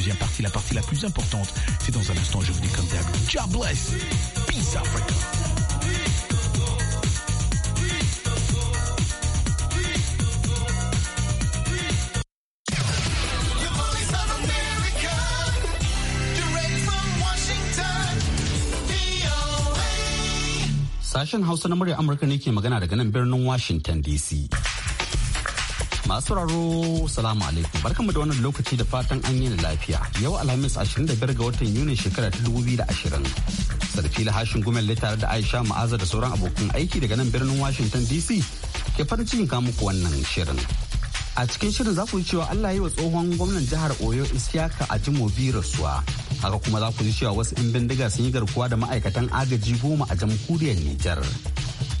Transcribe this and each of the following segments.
deuxième partie, la partie la plus importante. C'est dans un instant, je vous dis comme d'hab. ciao, bless. Peace Africa. Sashen Hausa na murya Amurka ne ke magana daga nan birnin Washington DC. Masu raro salamu alaikum mu da wannan lokaci da fatan an yi lafiya yau alhamis 25 ga watan yuni shekara ta da ashirin. Sarki lahashin gumel tare da Aisha Ma'aza da sauran abokan aiki daga nan birnin Washington DC ke farin cikin muku wannan shirin. A cikin shirin za ku ji cewa Allah yi wa tsohon gwamnan jihar Oyo Isiyaka a Jimobi rasuwa. Haka kuma za ku ji cewa wasu 'yan bindiga sun yi garkuwa da ma'aikatan agaji goma a jamhuriyar Nijar.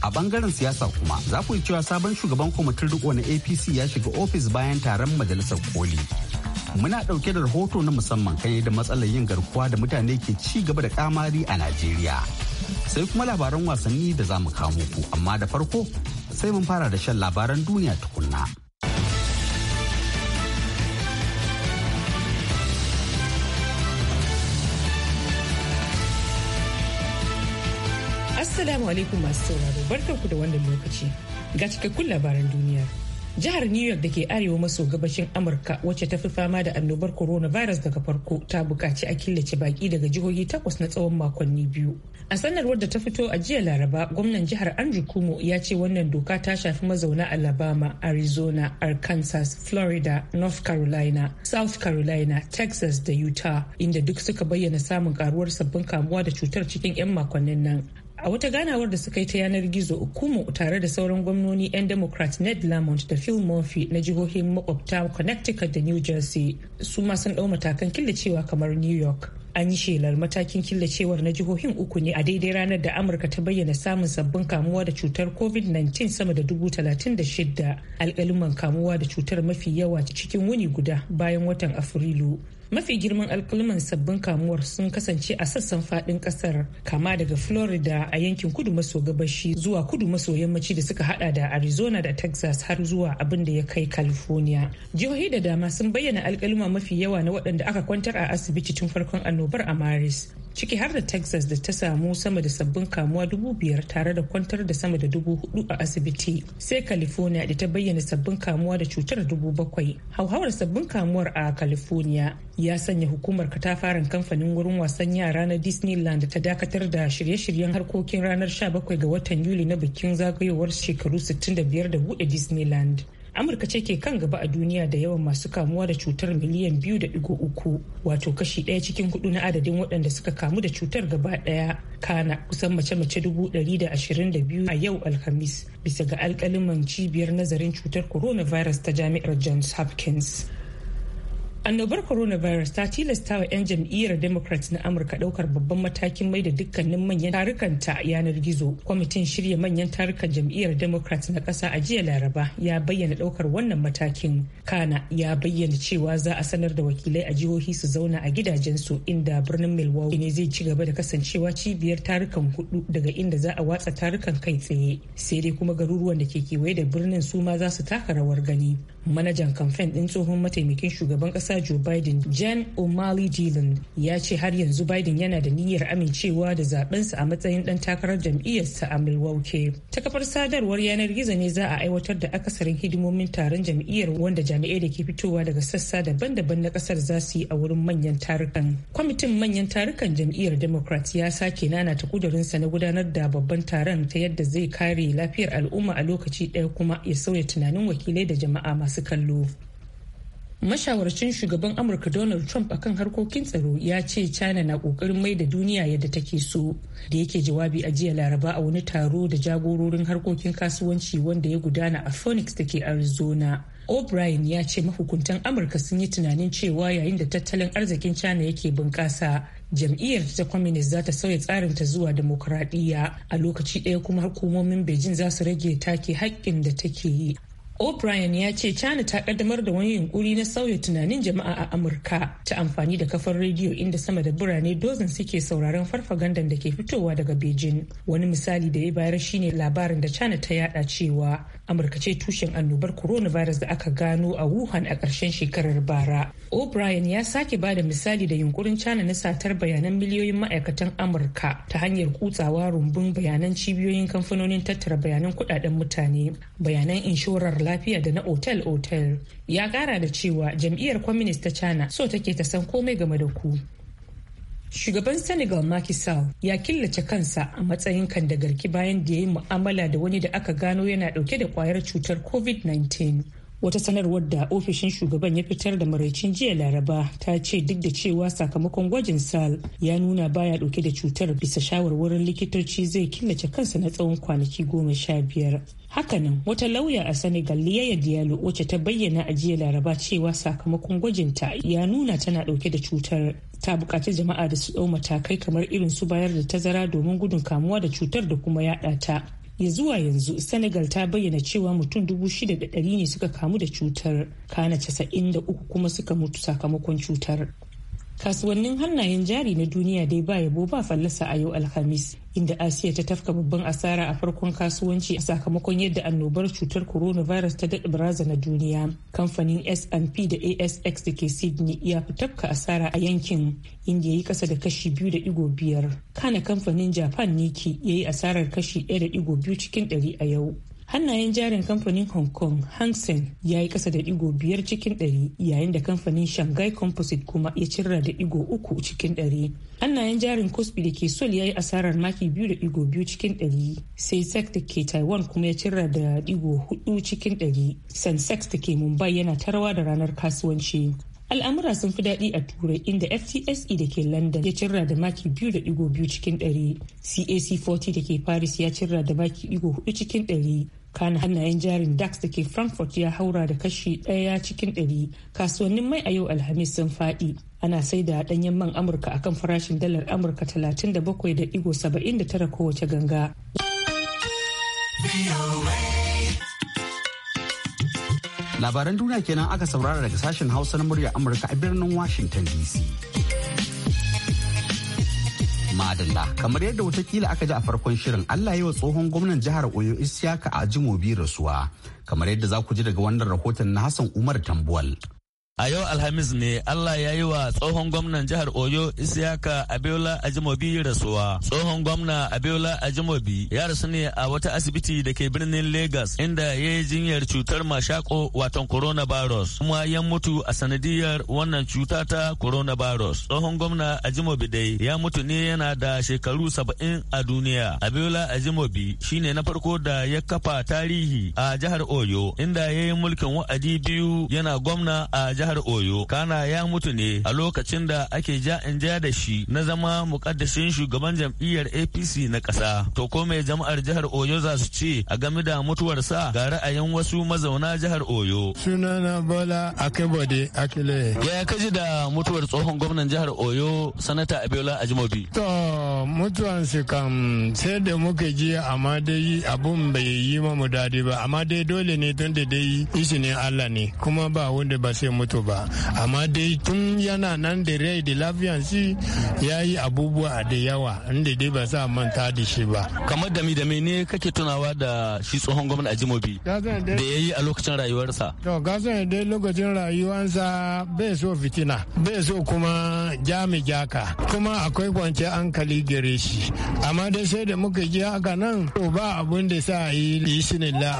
a bangaren siyasa kuma za ku yi cewa sabon shugaban kwamitin riko na apc ya shiga ofis bayan taron majalisar koli muna ɗauke da rahoto na musamman kan yadda matsalar yin garkuwa da mutane ke ci gaba da kamari a najeriya sai kuma labaran wasanni da za mu kamo ku amma da farko sai mun fara da shan labaran duniya tukunna. Assalamu alaikum masu sauraro ku da wannan lokaci ga cikakkun labaran duniya. Jihar New York da ke arewa maso gabashin Amurka wacce ta fi fama da annobar coronavirus daga farko ta buƙaci a killace baƙi daga jihohi takwas na tsawon makonni biyu. A sanarwar da ta fito a jiya Laraba, gwamnan jihar Andrew Cuomo ya ce wannan doka ta shafi mazauna Alabama, Arizona, Arkansas, Florida, North Carolina, South Carolina, Texas da Utah, inda duk suka bayyana samun karuwar sabbin kamuwa da cutar cikin 'yan makonnin nan. a wata ganawar da suka yi ta yanar gizo ukumu tare da sauran gwamnoni 'yan democrat ned lamont da phil murphy na jihohin makwabta connecticut da new jersey su ma sun ɗau matakan killacewa kamar new york an yi shelar matakin killacewar na jihohin uku ne a daidai ranar da amurka ta bayyana samun sabbin kamuwa da cutar covid-19 sama da dubu talatin da shida alkaliman kamuwa da cutar mafi yawa cikin wuni guda bayan watan afrilu mafi girman alkaliman sabbin kamuwar sun kasance a sassan fadin kasar kama daga florida a yankin kudu maso gabashi zuwa kudu maso yammaci da suka hada da arizona da texas har zuwa abin da ya kai california jihohi da dama sun bayyana alkalima mafi yawa na waɗanda aka kwantar a asibiti tun farkon annobar a maris ciki har da texas da ta samu sama da sabbin kamuwa dubu biyar tare da kwantar da sama da dubu hudu a asibiti sai california da ta bayyana sabbin kamuwa da cutar dubu bakwai hauhawar sabbin kamuwar a california ya sanya hukumar fara kamfanin wurin wasan yara na disneyland ta dakatar da shirye-shiryen harkokin ranar 17 ga watan yuli na bikin zagayowar shekaru 65 da buɗe disneyland amurka ce ke kan gaba a duniya da yawan masu kamuwa da cutar miliyan biyu da digo uku wato kashi ɗaya cikin hudu na adadin waɗanda suka kamu da cutar gaba ɗaya kana kusan mace-mace dubu ɗari da ashirin da biyu a yau alhamis bisa ga alkaliman cibiyar nazarin cutar coronavirus ta jami'ar johns hopkins annobar coronavirus ta tilasta wa 'yan jam'iyyar democrat na amurka daukar babban matakin mai da dukkanin manyan tarukan ta yanar gizo kwamitin shirya manyan tarukan jam'iyyar democrat na kasa a jiya laraba ya bayyana daukar wannan matakin kana ya bayyana cewa za a sanar da wakilai a jihohi su zauna a gidajensu inda birnin milwaukee ne zai ci gaba da kasancewa cibiyar tarukan hudu daga inda za a watsa tarukan kai tsaye sai dai kuma garuruwan da ke kewaye da birnin su ma za su taka rawar gani manajan kamfen ɗin tsohon mataimakin shugaban kasa ƙasa Joe Biden Jan O'Malley Dillon ya ce har yanzu Biden yana da niyyar amincewa da zabensa a matsayin ɗan takarar jam'iyyarsa a Milwaukee. Ta kafar sadarwar yanar gizo ne za a aiwatar da akasarin hidimomin taron jam'iyyar wanda jami'ai da ke fitowa daga sassa daban-daban na kasar za su yi a wurin manyan tarukan. Kwamitin manyan tarukan jam'iyyar Democrat ya sake ta kudurinsa na gudanar da babban taron ta yadda zai kare lafiyar al'umma a lokaci ɗaya kuma ya sauya tunanin wakilai da jama'a masu kallo. mashawarcin shugaban amurka donald trump akan harkokin tsaro ya ce china na kokarin mai da duniya yadda take so da yake jawabi a jiya laraba a wani taro da jagororin harkokin kasuwanci wanda ya gudana a phoenix da ke arizona o'brien ya ce mahukuntan amurka sun yi tunanin cewa yayin da tattalin arzikin china yake bunƙasa jam'iyyar ta communist za ta sauya tsarin ta zuwa demokuraɗiyya a lokaci ɗaya kuma hukumomin beijing za su rage take haƙƙin da take yi O'Brien ya ce China ta kaddamar da wani yunkuri na sauya tunanin jama'a a Amurka ta amfani da kafar rediyo inda sama da birane dozin suke sauraron farfagandan da ke fitowa daga Beijing. Wani misali da ya bayar shine labarin da China ta yada cewa Amurka ce tushen annobar coronavirus da aka gano a Wuhan a ƙarshen shekarar bara. O'Brien ya sake ba da misali da yunkurin China na satar bayanan miliyoyin ma'aikatan Amurka ta hanyar kutsawa rumbun bayanan cibiyoyin kamfanonin tattara bayanan kudaden mutane, bayanan inshorar lafiya da na otel-otel. Ya kara da cewa jam'iyyar Communist ta China so take ta san komai game da ku. Shugaban Senegal Macky Sall ya killace kansa a matsayin kandagarki bayan da ya yi mu'amala da wani da aka gano yana dauke da kwayar cutar COVID-19. wata sanarwar da ofishin shugaban ya fitar da maraicin jiya laraba ta ce duk da cewa sakamakon gwajin sal ya nuna baya dauke da cutar bisa shawarwarin likitoci zai killace kansa na tsawon kwanaki goma sha biyar hakanan wata lauya a senegal liyaya diallo wacce ta bayyana a jiya laraba cewa sakamakon gwajinta ya nuna tana dauke da cutar ta bukaci jama'a da su dau matakai kamar irin su bayar da tazara domin gudun kamuwa da cutar da kuma yada ta ya zuwa yanzu senegal ta bayyana cewa mutum dubu shida da ɗari ne suka kamu da cutar kana casa'in da uku kuma suka mutu sakamakon cutar kasuwannin hannayen jari na duniya dai ba yabo ba fallasa a yau alhamis inda asiya ta tafka babban asara a farkon kasuwanci a sakamakon yadda annobar cutar coronavirus ta daɗa baraza na duniya kamfanin S&P da asx da ke sydney ya fi tafka asara a yankin inda ya yi kasa da kashi biyu da digo biyar kana kamfanin japan niki ya yi asarar kashi ɗaya da digo biyu cikin ɗari a yau hannayen jarin kamfanin hong kong hang seng ya yi kasa da digo biyar cikin ɗari yayin da kamfanin shanghai composite kuma ya cirra da digo uku cikin ɗari hannayen jarin cosby da ke sol ya yi asarar maki biyu da digo biyu cikin ɗari sai sex da ke taiwan kuma ya cirra da digo hudu cikin ɗari sex da ke mumbai yana tarawa da ranar kasuwanci al'amura sun fi daɗi a turai inda ftse da ke london ya cirra da maki biyu da digo biyu cikin ɗari cac 40 da ke paris ya cirra da maki digo hudu cikin ɗari kan hannayen jarin dax da ke frankfurt ya haura da kashi ɗaya cikin ɗari kasuwannin mai a yau alhamis sun faɗi ana sai da ɗanyen man amurka akan farashin dalar amurka 37.79 kowace ganga labaran duniya kenan aka saurara daga sashen hausa na murya amurka a birnin washington dc Madalla. Kamar yadda watakila aka ji a farkon shirin Allah yi wa tsohon gwamnan jihar Oyo ka a Ajimobi rasuwa. Kamar yadda za ku ji daga wannan rahoton na Hassan Umar Tambuwal. A yau Alhamis ne Allah ya yi wa tsohon gwamnan jihar Oyo Isiyaka Abiola Ajimobi rasuwa. Tsohon gwamna Abiola Ajimobi ya rasu ne a wata asibiti da ke birnin Lagos inda ya yi jinyar cutar mashako watan coronavirus kuma ya mutu a sanadiyar wannan cuta ta coronavirus. Tsohon gwamna Ajimobi dai ya mutu ne yana da shekaru saba'in a duniya. Abiola Ajimobi shine na farko da ya kafa tarihi a jihar Oyo inda ya yi mulkin wa'adi biyu yana gwamna a jihar Oyo kana ya mutu ne a lokacin da ake ja in ja da shi na zama mukaddashin shugaban jam'iyyar APC na ƙasa. To ko mai jama'ar jihar Oyo za su ce a game da mutuwarsa ga ra'ayin wasu mazauna jihar Oyo. Sunana Bola Akebode Akile. ya kaji da mutuwar tsohon gwamnan jihar Oyo sanata Abiola Ajimobi? To mutuwan su kam sai da muke ji amma dai abun bai yi mamu dadi ba amma dai dole ne tun da dai ishi ne Allah ne kuma ba wanda ba sai mutu mutu ba amma dai tun yana nan da rai da Lafiyansi ya yi abubuwa da yawa inda dai ba za a manta da shi ba kamar da me ne kake tunawa da shi tsohon gwamna ajimobi da ya yi a lokacin rayuwarsa to gasan da lokacin rayuwarsa bai so fitina bai so kuma jami jaka kuma akwai kwance hankali gare shi amma dai sai da muka ji haka nan to ba abun da sa yi yi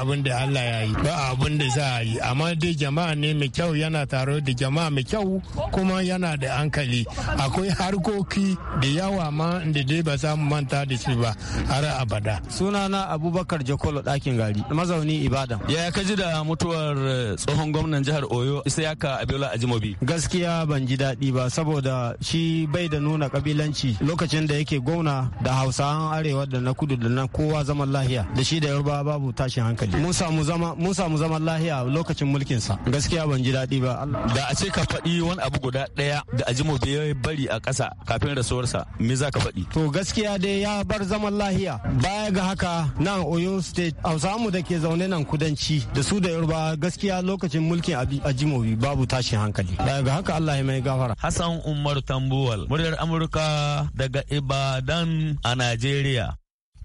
abun da Allah ya yi ba abun da a yi amma dai jama'a ne mai kyau yana ta taro da jama'a mai kyau kuma yana da hankali akwai harkoki da yawa ma da dai ba za mu manta da shi ba har abada sunana abubakar jakolo ɗakin gari mazauni ibadan yaya ka ji da mutuwar eh, tsohon gwamnan jihar oyo isayaka abiola ajimobi gaskiya ban ji daɗi ba saboda shi bai da nuna kabilanci lokacin da yake gwamna da hausawan arewa da na kudu da na kowa zaman lahiya da shi da yarba babu tashin hankali mun samu zama mun samu zaman lahiya lokacin mulkinsa gaskiya ban ji daɗi ba da a ce ka faɗi wani abu guda ɗaya da ajimo da ya bari a ƙasa kafin rasuwarsa me za ka faɗi to gaskiya dai ya bar zaman lahiya baya ga haka nan oyo state mu da ke zaune nan kudanci da su da yarba gaskiya lokacin mulkin ajimobi babu tashin hankali baya ga haka allah ya mai gafara hassan umar tambuwal muryar amurka daga ibadan a najeriya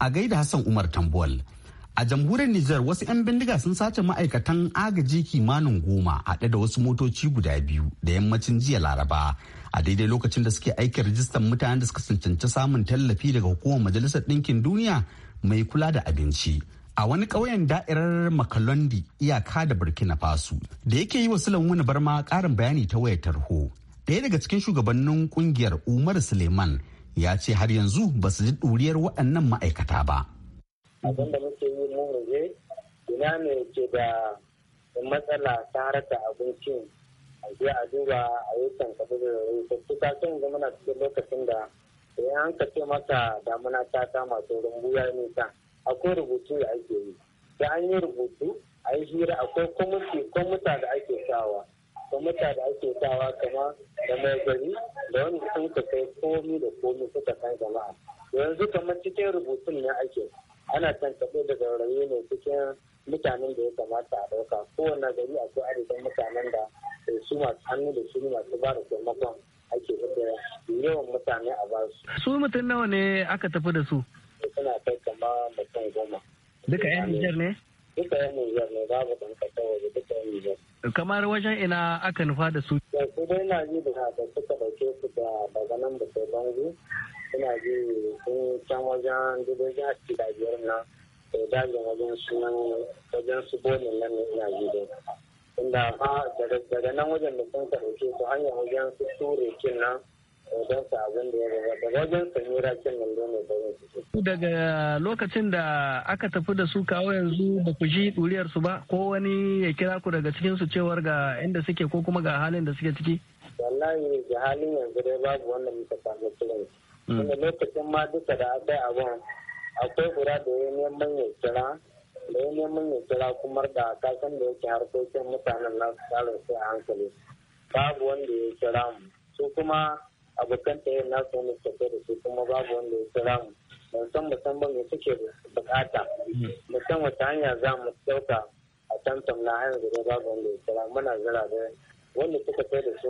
a gaida hassan umar tambuwal A jamhuriyar Nijar wasu 'yan bindiga sun sace ma'aikatan agaji kimanin goma haɗe da wasu motoci guda biyu da yammacin jiya Laraba a daidai lokacin da suke aiki rajistan mutanen da suka cancanci samun tallafi daga hukumar Majalisar Ɗinkin Duniya mai kula da abinci. A wani ƙauyen da'irar Makalondi iyaka da Burkina Faso da yake yi wa Sulaiman Barma ƙarin bayani ta wayar tarho. Ɗaya daga cikin shugabannin ƙungiyar Umar Suleiman ya ce har yanzu ba su ji ɗuriyar waɗannan ma'aikata ba. abinda muke yi mu muje ina ne ke da matsala ta harkar abincin a je a duba a yi tankafi da rikottuka sun yanzu muna cikin lokacin da idan an kace masa damuna ta kama sauran buya nisa akwai rubutu da ake yi da an yi rubutu a yi hira akwai kwamiti kwamuta da ake sawa kwamuta da ake sawa kama da mai gari da wani sun kai komi da komi suka san jama'a yanzu kamar cikin rubutun ne ake ana tantaɓe da zaurayi ne cikin mutanen da ya kamata a ɗauka kowane gari a akwai adadin mutanen da eh, su masu hannu da su masu ba da taimakon ake da yawan mutane a ba su. su mutum nawa ne aka tafi da su. suna kai kama mutum goma. duka yan ne. duka yan Nijar ne babu ɗan ƙasar waje duka yan Nijar. Kamar wajen ina aka nufa da su. Da su dai na ji da da suka ɗauke su da daga nan da sai bangu ina ji sun can wajen dubu ya ci da biyar na da dajin wajen su wajen su bonin nan ne ina ji da. Inda ba daga nan wajen da sun ka ɗauke su hanyar wajen su ture kin nan. ya gabata wajen samira ne ciki. Daga lokacin da aka tafi da su kawo yanzu ba ku ji ɗuriyar ba ko wani ya kira ku daga cikin su cewar ga inda suke ko kuma ga halin da suke ciki. Wallahi ga halin yanzu dai babu wanda muka samu kiran. Kuma hmm. lokacin ma duka da aka yi abin akwai kura da ya neman ya kira da ya neman ya kira kuma da kasan da yake harkokin mutanen nasu tsarin sai hankali. Babu wanda ya kira mu. Su kuma abokan ta yin nasu wani tafiya da su kuma babu wanda ya kira mu musan ba mai suke bukata musan wata hanya za mu ɗauka a tantan na hanyar zuwa babu wanda ya kira muna zira da wanda suka kai da su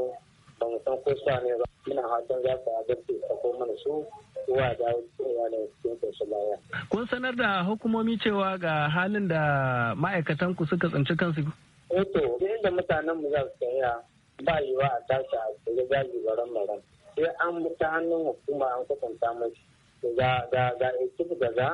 ba mu san ko sa ne ba muna hatan za su adalci a ko mana su zuwa da cewa da cikin su baya. kun sanar da hukumomi cewa ga halin da ma'aikatan ku suka tsinci kansu. oto eh to inda mutanen mu za su tsaya ba yiwa a tashi a tsiri gaji baran baran. sai an ta hannun hukuma an kwatanta mashi ga ekip gaza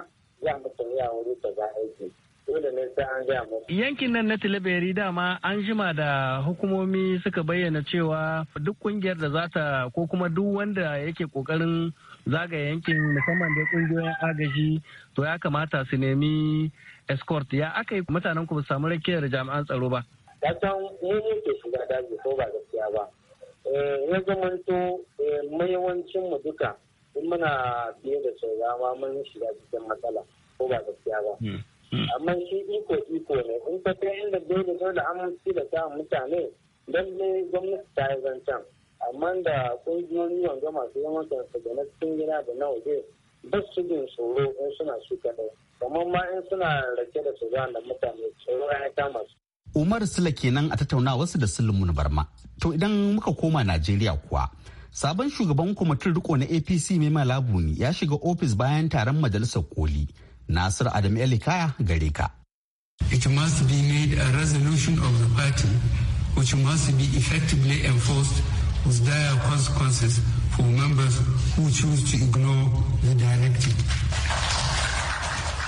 za mu a wuri ta za aiki dole ne sai an ga musu. Yankin nan na Tilaberi dama an jima da hukumomi suka bayyana cewa duk kungiyar da za ta ko kuma duk wanda yake kokarin zaga yankin musamman da kungiyoyin agaji to ya kamata su nemi escort ya aka yi mutanen ku samu rakiyar jami'an tsaro ba. Ya Kasan mu ne ke shiga daji ko ba gaskiya ba. Eh, ya zamanto eh, mayawancin mu duka in muna fiye da saurawa mun shiga cikin matsala ko ba gaskiya ba hmm, hmm. amma shi iko iko ne in ka kai inda dole dole an da ta mutane don ne gwamnati ta yi zancen amma da kungiyoyi wanga masu yawan kansu da na cikin gida da na waje ba su jin tsoro in suna su kaɗai kamar ma in suna rake da su da mutane tsoro ya kama su Umar Sula kenan a tattaunawarsu da sulumun Barma. To idan muka koma Najeriya kuwa, sabon shugaban kwamitin riko na APC mai malabuni ya shiga ofis bayan taron majalisar koli. Nasir Adam Elikaya gare ka. It must be made a resolution of the party which must be effectively enforced with dire consequences for members who choose to ignore the directive.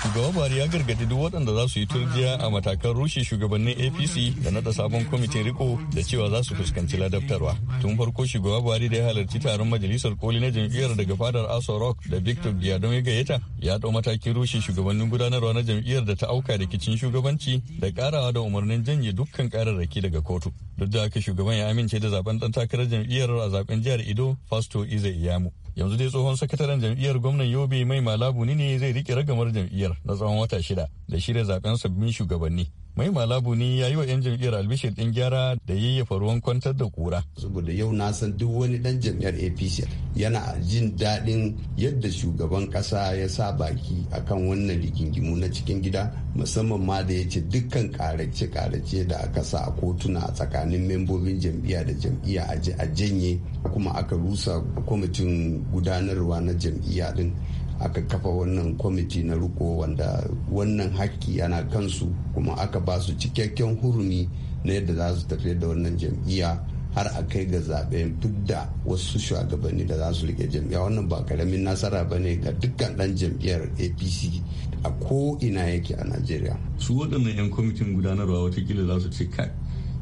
shugaba buhari ya gargadi duk waɗanda za su yi turjiya a matakan rushe shugabannin apc da nada sabon kwamitin riko da cewa za su fuskanci ladabtarwa tun farko shugaba buhari da ya halarci taron majalisar koli na jam'iyyar daga fadar aso rock da victor giadon ya gayyata ya ɗau matakin rushe shugabannin gudanarwa na jam'iyyar da ta auka rikicin shugabanci da karawa da umarnin janye dukkan kararraki daga kotu duk da haka shugaban ya amince da zaben ɗan takarar jam'iyyar a zaben jihar ido fasto ize iyamu yanzu dai tsohon sakataren jam'iyyar gwamnan yobe mai malabu ne zai rike ragamar jam'iyyar na tsawon wata shida da shirya zaben sabbin shugabanni mai malabu ne ya yi wa 'yan jam'iyyar albishir din gyara da yayyafa ruwan kwantar da kura. saboda yau na san duk wani dan jam'iyyar apc yana jin daɗin yadda shugaban ƙasa ya sa baki akan wannan rigingimu na cikin gida musamman ma da ya ce dukkan karace-karace da aka sa a kotuna a tsakanin membobin jam'iyya da jam'iyya a janye kuma aka rusa kwamitin gudanarwa na jam'iyya din aka kafa wannan kwamiti na riko wanda wannan haƙƙi yana kansu kuma aka ba su cikakken hurumi na yadda za su tafi da wannan jam'iyya har a kai ga zaɓen duk da wasu shugabanni da za su rike jam'iyya wannan ba karamin nasara ba ne ga dukkan ɗan jam'iyyar apc a ko ina yake a najeriya su waɗannan 'yan kwamitin gudanarwa watakila za su ce kai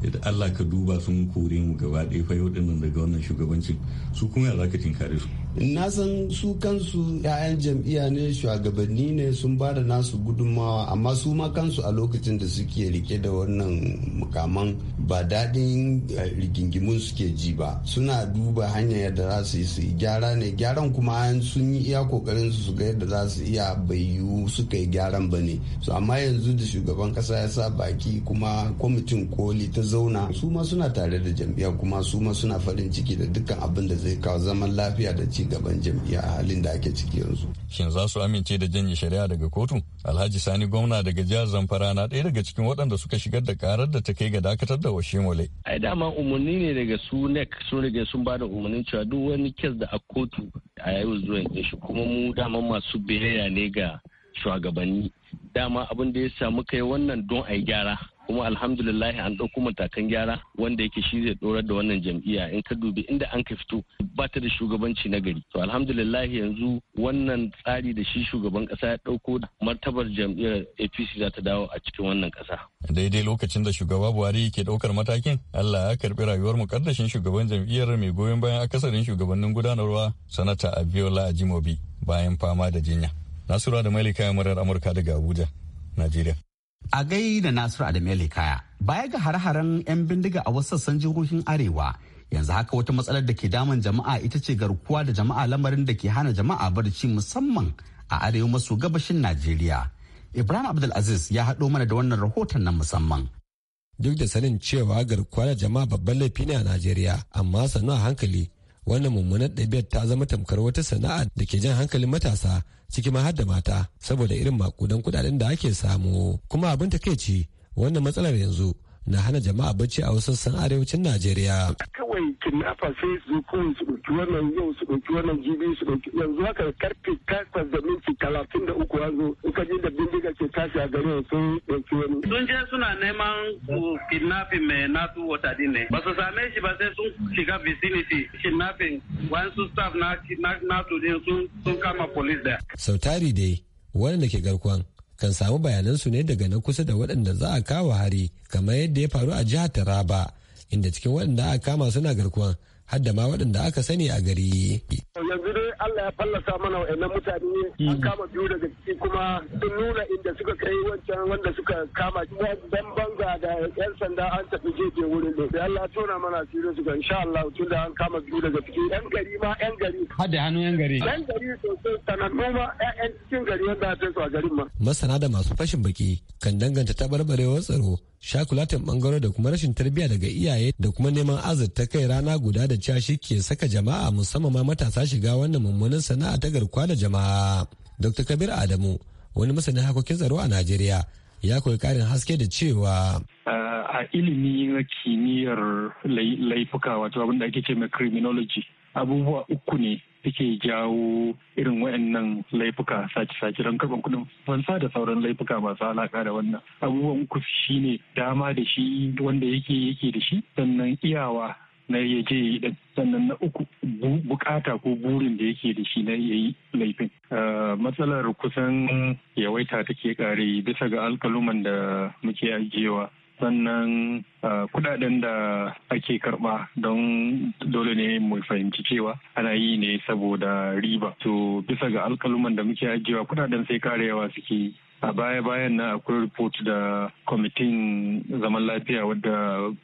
yadda allah ka duba sun kore mu gaba ɗaya fa waɗannan daga wannan shugabancin su kuma ya za ka tinkare su na san su kansu 'ya'yan jam'iyya ne shugabanni ne sun ba da nasu gudunmawa amma su ma kansu a lokacin da suke rike da wannan mukaman ba daɗin eh, rigingimun suke ji ba suna duba hanyar yadda za su yi su gyara ne gyaran kuma an sun yi iya kokarin su ga yadda za su iya bai yiwu suka yi gyaran ba ne su amma yanzu da shugaban kasa ya sa baki kuma kwamitin koli ta zauna su ma suna tare da jam'iyya kuma su ma suna farin ciki da dukkan abin da zai kawo zaman lafiya da ci ci gaban jam'iyya a halin da ake ciki yanzu. Shin za su amince da janye shari'a daga kotu? Alhaji Sani gwamna daga jihar Zamfara na ɗaya daga cikin waɗanda suka shigar da karar da ta kai ga dakatar da mole. Ai dama umarni ne daga su nek sun rage sun ba da umarnin cewa duk wani kes da a kotu a yau zuwan shi kuma mu dama masu biyayya ne ga shugabanni. Dama abin da ya samu kai wannan don a yi gyara. kuma alhamdulillah an ɗauko matakan gyara wanda yake shi zai ɗorar da wannan jam'iyya in ka dubi inda an ka fito ba ta da shugabanci na gari to alhamdulillah yanzu wannan tsari da shi shugaban ƙasa ya ɗauko martabar jam'iyyar apc za ta dawo a cikin wannan ƙasa daidai lokacin da shugaba buhari ke ɗaukar matakin allah ya karɓi rayuwar muƙaddashin shugaban jam'iyyar mai goyon bayan akasarin shugabannin gudanarwa sanata abiola ajimobi bayan fama da jinya nasura da malika murar amurka daga abuja najeriya A gai da Nasiru Adamu kaya baya ga hare-haren 'yan bindiga a wasu sassan jihohin Arewa yanzu haka wata matsalar da ke damun jama'a ita ce garkuwa da jama'a lamarin da ke hana jama'a barci musamman a arewa maso gabashin Najeriya. Ibrahim Abdulaziz ya haɗo mana da wannan rahoton nan musamman. Duk da sanin cewa garkuwa da jama'a babban laifi ne a Najeriya amma sannu a hankali wannan mummunar ɗabi'ar ta zama tamkar wata sana'a da ke jan hankalin matasa ciki ma har da mata saboda irin makudan kudaden da ake samu kuma abin takaici wannan matsalar yanzu na hana jama'a bacci a wasu sassan arewacin Najeriya. Kawai kidnapper sai su kawai su ɗauki wannan yau su ɗauki wannan jibi su ɗauki yanzu haka karfe takwas da minti talatin da uku yanzu in ka je da bindiga ke tashi a garin sun ɗauki wani. Sun je suna neman ku kidnapping mai nasu wata din ne. Ba su same shi ba sai sun shiga vicinity kidnapping su staff na nasu din sun kama police da. Sautari dai da ke garkuwan kan samu bayanansu ne daga na kusa da waɗanda za a kawo hari kamar yadda ya faru a jihar taraba inda cikin waɗanda aka kama suna garkuwan har da ma waɗanda aka sani a gari. yanzu Allah ya fallasa mana wa'annan mutane hmm. an kama biyu daga ciki kuma sun nuna inda suka kai wancan wanda suka kama dan banza da yan sanda an tafi jeje wurin da Allah tona mana asiri su ga insha Allah tun da an kama biyu daga ciki yan gari ma yan gari hadda hannu yan gari yan gari sosai sanannu ma yan cikin gari yadda ta su a garin ma masana da masu fashin baki kan danganta tabarbarewar tsaro shakulatan bangaro da kuma rashin tarbiyya daga iyaye da kuma neman azurta kai rana guda da cewa shi ke saka jama'a musamman ma matasa shiga wannan mummunan sana'a ta garkuwa da jama'a. Dr. Kabir Adamu wani masanin hakokin tsaro a Najeriya ya koyi karin haske da cewa. A ilimi na kimiyyar laifuka wato abin da ake ce criminology abubuwa uku ne suke jawo irin waɗannan laifuka sace-sace don karban kuɗin fansa da sauran laifuka masu alaka da wannan abubuwan uku shine dama da shi wanda yake yake da shi sannan iyawa na ya je yi sannan na uku bukata ko burin da yake da shi na ya yi laifin ah, matsalar kusan yawaita take kare bisa ga alkaluman da muke ajiyewa sannan ah, kudaden da ake karba don dole ne mu fahimci cewa ana yi ne saboda riba to bisa ga alkaluman da muke ajiyewa kudaden sai karewa suke a baya-bayan na akwai report da kwamitin zaman lafiya wadda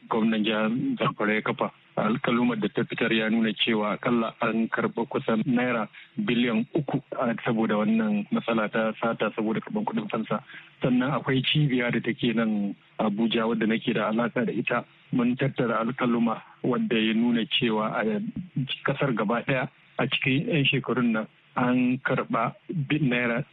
gwamnan jihar zamfara ya kafa alkalumar da ta fitar ya nuna cewa akalla an karɓa kusan naira biliyan uku saboda wannan matsala ta sata saboda karban kuɗin fansa sannan akwai cibiya da take nan abuja wadda nake da alaka da ita mun tattara alkaluma wadda ya nuna cewa a kasar gaba daya a cikin 'yan shekarun nan an karɓa naira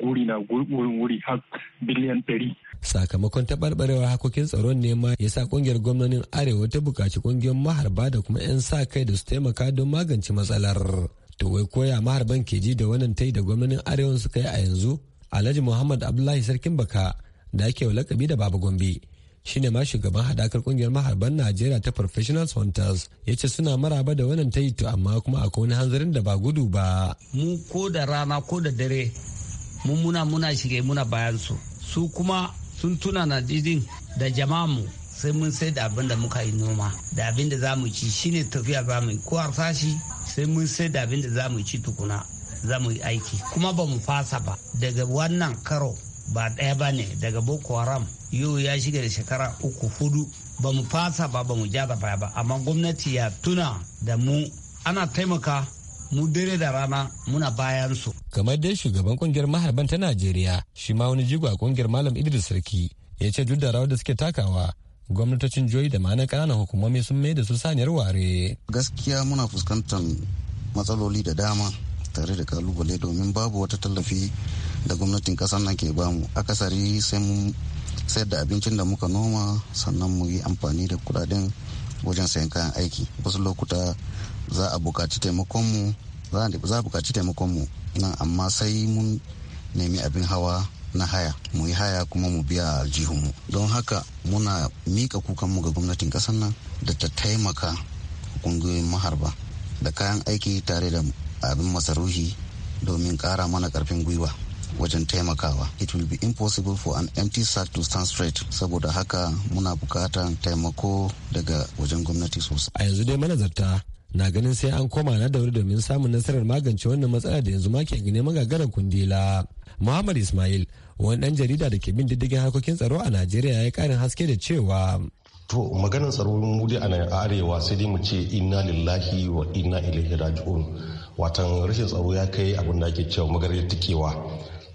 guri na wurin wuri har biliyan 100 Sakamakon taɓarɓarewar hakokin tsaron ne ma ya sa ƙungiyar gwamnonin Arewa ta buƙaci ƙungiyar maharba da kuma 'yan sa kai da su taimaka don magance matsalar. To wai koya maharban ke ji da wannan tai da gwamnonin Arewa suka yi a yanzu? Alhaji Muhammad Abdullahi Sarkin Baka da ake wa lakabi da Baba Gombe. ne ma shugaban hadakar ƙungiyar maharban Najeriya ta Professional Hunters ya ce suna maraba da wannan ta to amma kuma akwai wani hanzarin da ba gudu ba. Mu ko da rana ko da dare mun muna muna shige muna bayan su su kuma sun tuna na didin da mu sai mun sai da abin da muka yi noma da abin da za ci shine tafiya za yi ko harsashi sai mun sai da abin da za ci tukuna za yi aiki kuma ba mu fasa ba daga wannan karo ba ɗaya ba ne daga boko haram yau ya shiga da shekara uku hudu ba mu fasa ba ba mu ja da baya ba amma gwamnati ya tuna da mu ana taimaka mu dare da rana muna bayan su. Kamar dai shugaban kungiyar maharban ta Najeriya shi ma wani jigo a kungiyar Malam Idris Sarki ya ce duk da rawar da suke takawa gwamnatocin jihohi da ma na ƙananan hukumomi sun mai da su saniyar ware. Gaskiya muna fuskantar matsaloli da dama tare da kalubale domin babu wata tallafi da gwamnatin ƙasar nan ke bamu akasari sai mun sayar da abincin da muka noma sannan mu yi amfani da kudaden wajen sayan kayan aiki wasu lokuta za a bukaci taimakonmu za a bukaci taimakonmu nan amma sai mun nemi abin hawa na haya mu yi haya kuma mu biya aljihunmu don haka muna mika kukanmu ga gwamnatin ƙasar nan da ta taimaka ƙungiyoyin maharba da kayan aiki tare da abin masaruhi domin ƙara mana ƙarfin gwiwa wajen taimakawa it will be impossible for an empty sack to stand straight saboda haka muna bukatan taimako daga wajen gwamnati sosai a yanzu dai mana manazarta na ganin sai an koma na wuri domin samun nasarar magance wannan matsalar da yanzu ma ke neman magagaran kundila muhammad ismail wani dan jarida da ke bin diddigin harkokin tsaro a najeriya ya karin haske da cewa to maganar tsaro mu dai a arewa sai dai mu ce inna lillahi wa inna ilaihi raji'un watan rashin tsaro ya kai abin da ake cewa magarin tikewa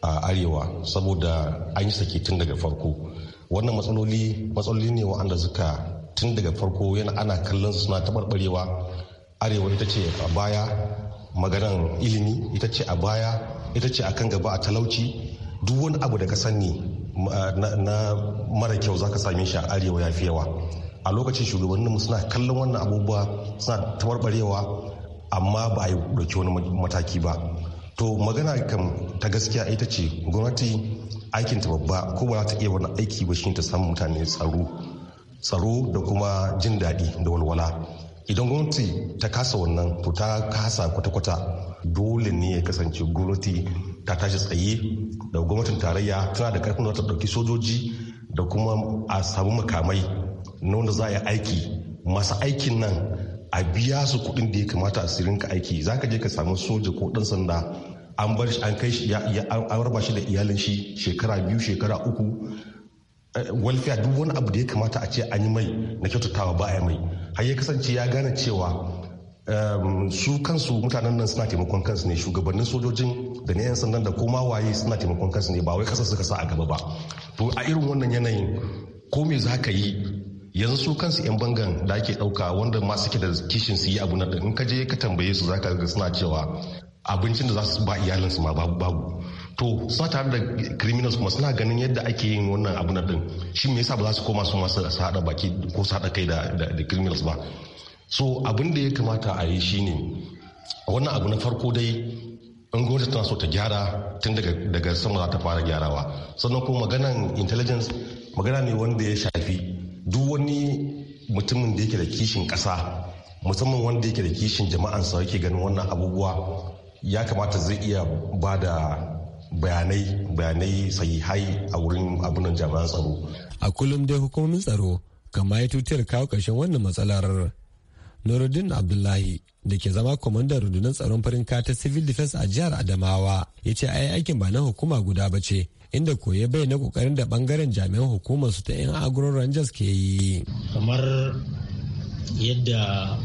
a arewa saboda an yi sake tun daga farko wannan matsaloli matsaloli ne wa'anda suka tun daga farko yana ana kallon suna taɓarɓarewa arewa ita ce a baya maganan ilimi ita ce a baya ita ce a kan gaba a talauci duk wani abu da ka sani na mara kyau za ka same shi a arewa ya fi yawa a lokacin shugabanninmu suna kallon wannan abubuwa suna tabarbarewa amma ba a yi ɗauki wani mataki ba to magana kan ta gaskiya ita ce gwamnati aikinta babba ko ba za ta iya wani aiki ba shi ta san mutane tsaro tsaro da kuma jin daɗi da walwala idan gwamnati ta kasa wannan to ta kasa kwata-kwata dole ne ya kasance gwamnati ta tashi tsaye da gwamnatin tarayya tana da karfin da ta ɗauki sojoji da kuma a samu makamai na wanda za a yi aiki masu aikin nan a biya su kuɗin da ya kamata a sirin ka aiki za ka je ka samu soja ko ɗan sanda an bar shi an kai shi an raba shi da iyalin shi shekara biyu shekara uku Eh, walfiya duk wani abu da ya kamata a ce an yi mai na kyautatawa ba a mai har ya kasance ya gane cewa ehm, su kansu mutanen nan suna taimakon kansu ne shugabannin sojojin da na 'yan sandan da koma waye suna taimakon kansu ne ba wai kasar suka sa a gaba ba to a irin wannan yanayin ko me za ka yi yanzu su kansu 'yan bangan da ake ɗauka wanda ma suke da kishin su yi abu na in ka je ka tambaye su za ka ga suna cewa abincin da za su ba iyalinsu ma babu babu to suna tare da criminals kuma suna ganin yadda ake yin wannan abu na din shi me yasa ba za su koma su masu su hada baki ko su hada kai da criminals ba so abin da ya kamata a yi shine wannan abu na farko dai in gwamnati tana so ta gyara tun daga sama za ta fara gyarawa sannan kuma maganan intelligence magana ne wanda ya shafi duk wani mutumin da yake da kishin kasa, musamman wanda yake da kishin jama'ansa yake ganin wannan abubuwa ya kamata zai iya ba da bayanai bayanai sahihai a wurin abunan jami'an tsaro a kullum dai hukumomin tsaro kama ya tutar kawo ƙarshen wannan matsalar Nuruddin Abdullahi da ke zama kwamandan rundunar tsaron farin kata civil defense a jihar Adamawa ya ce ai aikin ba na hukuma guda ba ce inda koye bai na kokarin da bangaren jami'an hukumar su ta yan agro rangers ke yi. Kamar yadda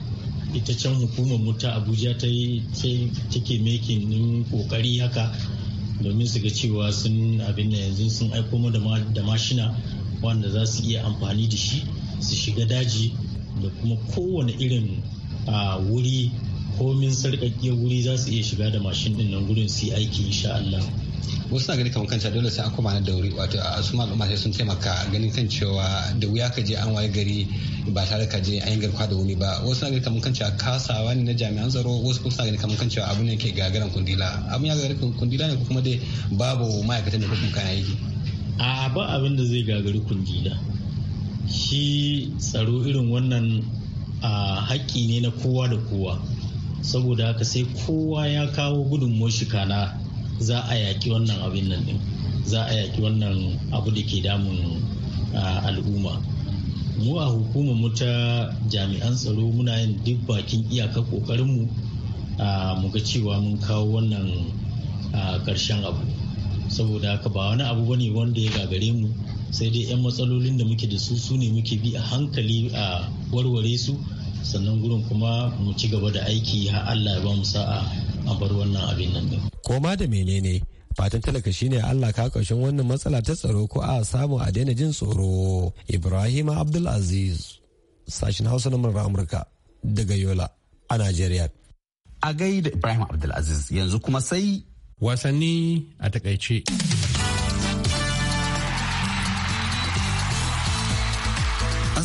ita can hukumar mu ta Abuja ta yi take ni kokari haka domin su ga cewa sun abin da yanzu sun aiko mu da mashina wanda za su iya amfani da shi su shiga daji da kuma kowane irin a wuri komin sarƙaƙƙiyar wuri za su iya shiga da mashin ɗin nan gurin su yi aiki insha Allah. wasu na gani kamar kanta dole sai an koma da wuri wato a su al'umma sai sun taimaka ganin kan cewa da wuya ka je an waye gari ba tare ka je an yi garkuwa da wuni ba wasu na gani kamar kan cewa kasawa ne na jami'an tsaro wasu kuma suna gani kamar kan cewa abu ne ke gagaran kundila abin ya gagaran kundila ne ko kuma dai babu ma'aikatan da kuma kayan aiki. a ba abin da zai gagari kundila shi tsaro irin wannan a haƙƙi ne na kowa da kowa saboda haka sai kowa ya kawo gudunmuwar shi kana za a yaƙi wannan abin nan ɗin za a yaƙi wannan abu da ke damun al'umma mu a hukumar mu ta jami'an tsaro muna yin duk bakin iyaka ƙoƙarinmu mu ga cewa mun kawo wannan ƙarshen abu saboda haka ba wani abu bane wanda ya gagare mu sai dai 'yan matsalolin da muke da su su ne muke bi a hankali a warware su sannan gurin kuma mu ci gaba da aiki har allah ya ba mu sa'a a bar wannan abin nan din koma da menene fatan talaka shine Allah ka ƙarshen wannan matsala ta tsaro ko a samu a daina jin tsoro Ibrahim Abdulaziz sashin Hausa na murar Amurka daga Yola a Najeriya a gaida Ibrahim Abdulaziz yanzu kuma sai wasanni a takaice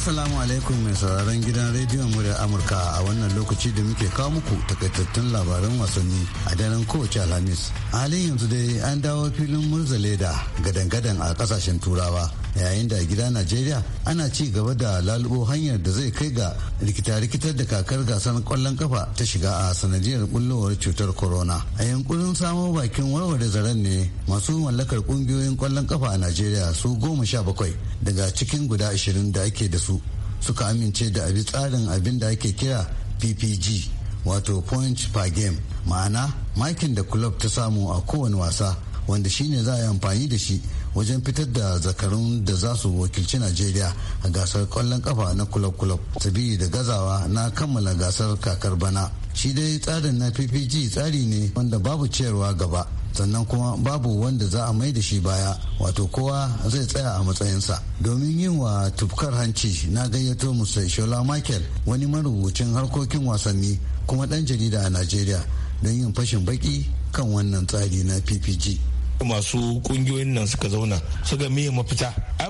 Assalamu alaikum mai sauraron gidan rediyon murya Amurka a wannan lokaci da muke kawo muku takaitattun labaran wasanni a daren kowace Alhamis. halin yanzu dai an dawo filin leda gadan-gadan a kasashen Turawa yayin da gida najeriya ana ci gaba da lalubo hanyar da zai kai ga rikita-rikitar da kakar gasar kwallon kafa ta shiga a sanadiyar bullowar cutar corona a yankunan samo bakin warware zaren ne masu mallakar kungiyoyin kwallon kafa a najeriya su goma sha bakwai daga cikin guda ashirin da ake da su suka amince da abi tsarin abin da ake kira ppg wato point per game ma'ana makin da club ta samu a kowane wasa wanda shine za a yi amfani da shi wajen fitar da zakarun da za su wakilci najeriya a gasar kwallon kafa na kulob kulob sabili da gazawa na kammala gasar kakar bana shi dai tsarin na ppg tsari ne wanda babu ciyarwa gaba sannan kuma babu wanda za a mai da shi baya wato kowa zai tsaya a matsayinsa domin yin wa tufkar hanci na gayyato musa shola michael wani marubucin harkokin wasanni kuma dan jarida a najeriya don yin fashin baki kan wannan tsari na ppg masu kungiyoyin nan suka zauna suka miye mafita a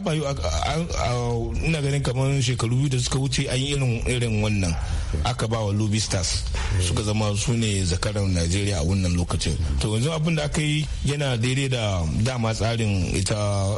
ina ganin kamar shekaru biyu da suka wuce an yi irin irin wannan aka ba wa lobby stars suka zama su ne zakaran najeriya a wannan lokacin to yanzu abin da aka yi yana daidai da dama tsarin ita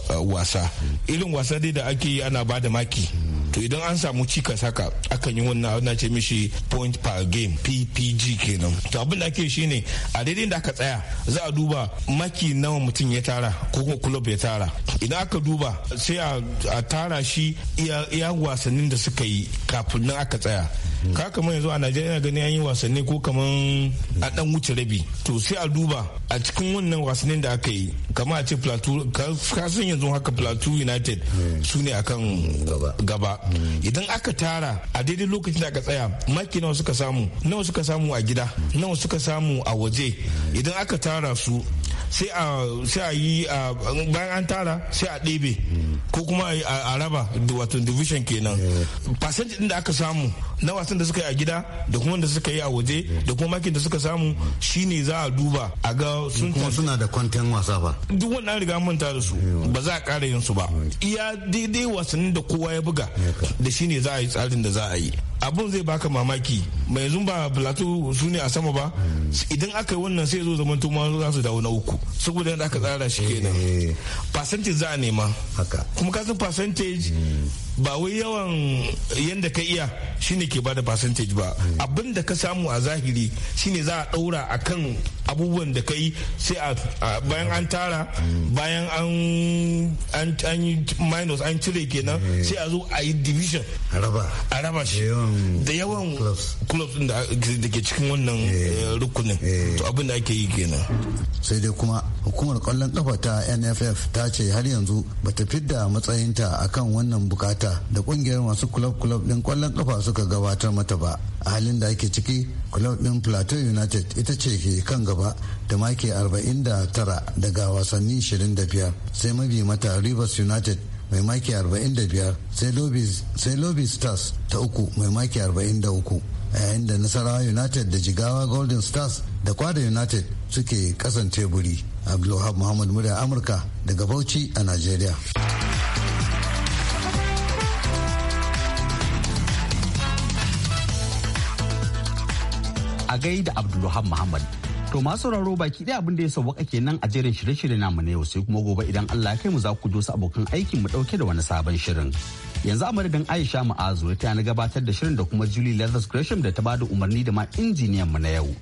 uh, wasa irin wasa dai da ake yi ana ba da maki to idan an samu cikas haka akan yi wannan abin ce mishi point per game ppg kenan to abin da ake shine a daidai da aka tsaya za a duba maki nawa mutum ya tara ko kuma club ya tara idan aka duba sai a tara shi iya wasannin da suka yi kafin nan aka tsaya ka kama yanzu a najeriya yana gani an yi wasanni ko kaman a dan wuce rabi to sai a duba a cikin wannan wasannin da aka yi kamar a ce plateau ka san yanzu haka plateau united hmm. su ne akan gaba hmm. idan aka tara a daidai lokacin da aka tsaya maki nawa suka samu nawa suka samu a gida nawa suka samu a waje hmm. idan aka tara su sai a sai a yi bayan an tara sai a ɗebe ko kuma a raba wato division kenan percentage din da aka samu na wasan da suka yi a gida da kuma da suka yi a waje da kuma makin da suka samu shine za a duba a ga sun kuma suna da kwanten wasa ba duk wannan riga manta da su ba za a ƙara yin su ba iya daidai wasannin da kowa ya buga da shine za a yi tsarin da za a yi abun zai baka mamaki mai zumba ba plateau su ne a sama ba idan aka yi wannan sai zo zaman tuma za su dawo na uku saboda yadda aka tsara shi kenan eh. percentage za a nema kuma kasan percentage ba wai yawan yadda ka iya shine ke bada percentage ba hmm. abin da ka samu a zahiri shine za a ɗaura a kan abubuwan da ka yi sai bayan an tara hmm. bayan an yi minus an cire kenan hmm. sai a zo a yi division a raba shi da yawan clubs da ke cikin wannan eh. Eh, rukunin eh. to abin da ake yi kenan sai dai kuma hukumar kwallon kafa ta nff ta ce har yanzu bata fidda matsayinta kan wannan bukata da kungiyar masu kulob kulob din kwallon kafa suka gabatar mata ba a halin da ake ciki kulob din plateau united ita ce ke kan gaba da maki 49 daga wasanni 25 sai mabi mata rivers united mai maki 45 sai lobby stars ta uku mai maki 43 yayin da nasarawa united da jigawa golden stars da kwada united suke kasan teburi abdulwahab muhammad murya amurka daga bauchi a nigeria a gaida abdulwahab muhammad To masu sauraro baki ɗaya abin da ya sauwaka kenan a jerin shirye-shirye namu na yau sai kuma gobe idan Allah ya kai mu za ku su abokan aikin mu ɗauke da wani sabon shirin. Yanzu a madadin Aisha Ma'azu ta na gabatar da shirin da kuma Julie Leathers Gresham da ta bada umarni da ma injiniyan mu na yau.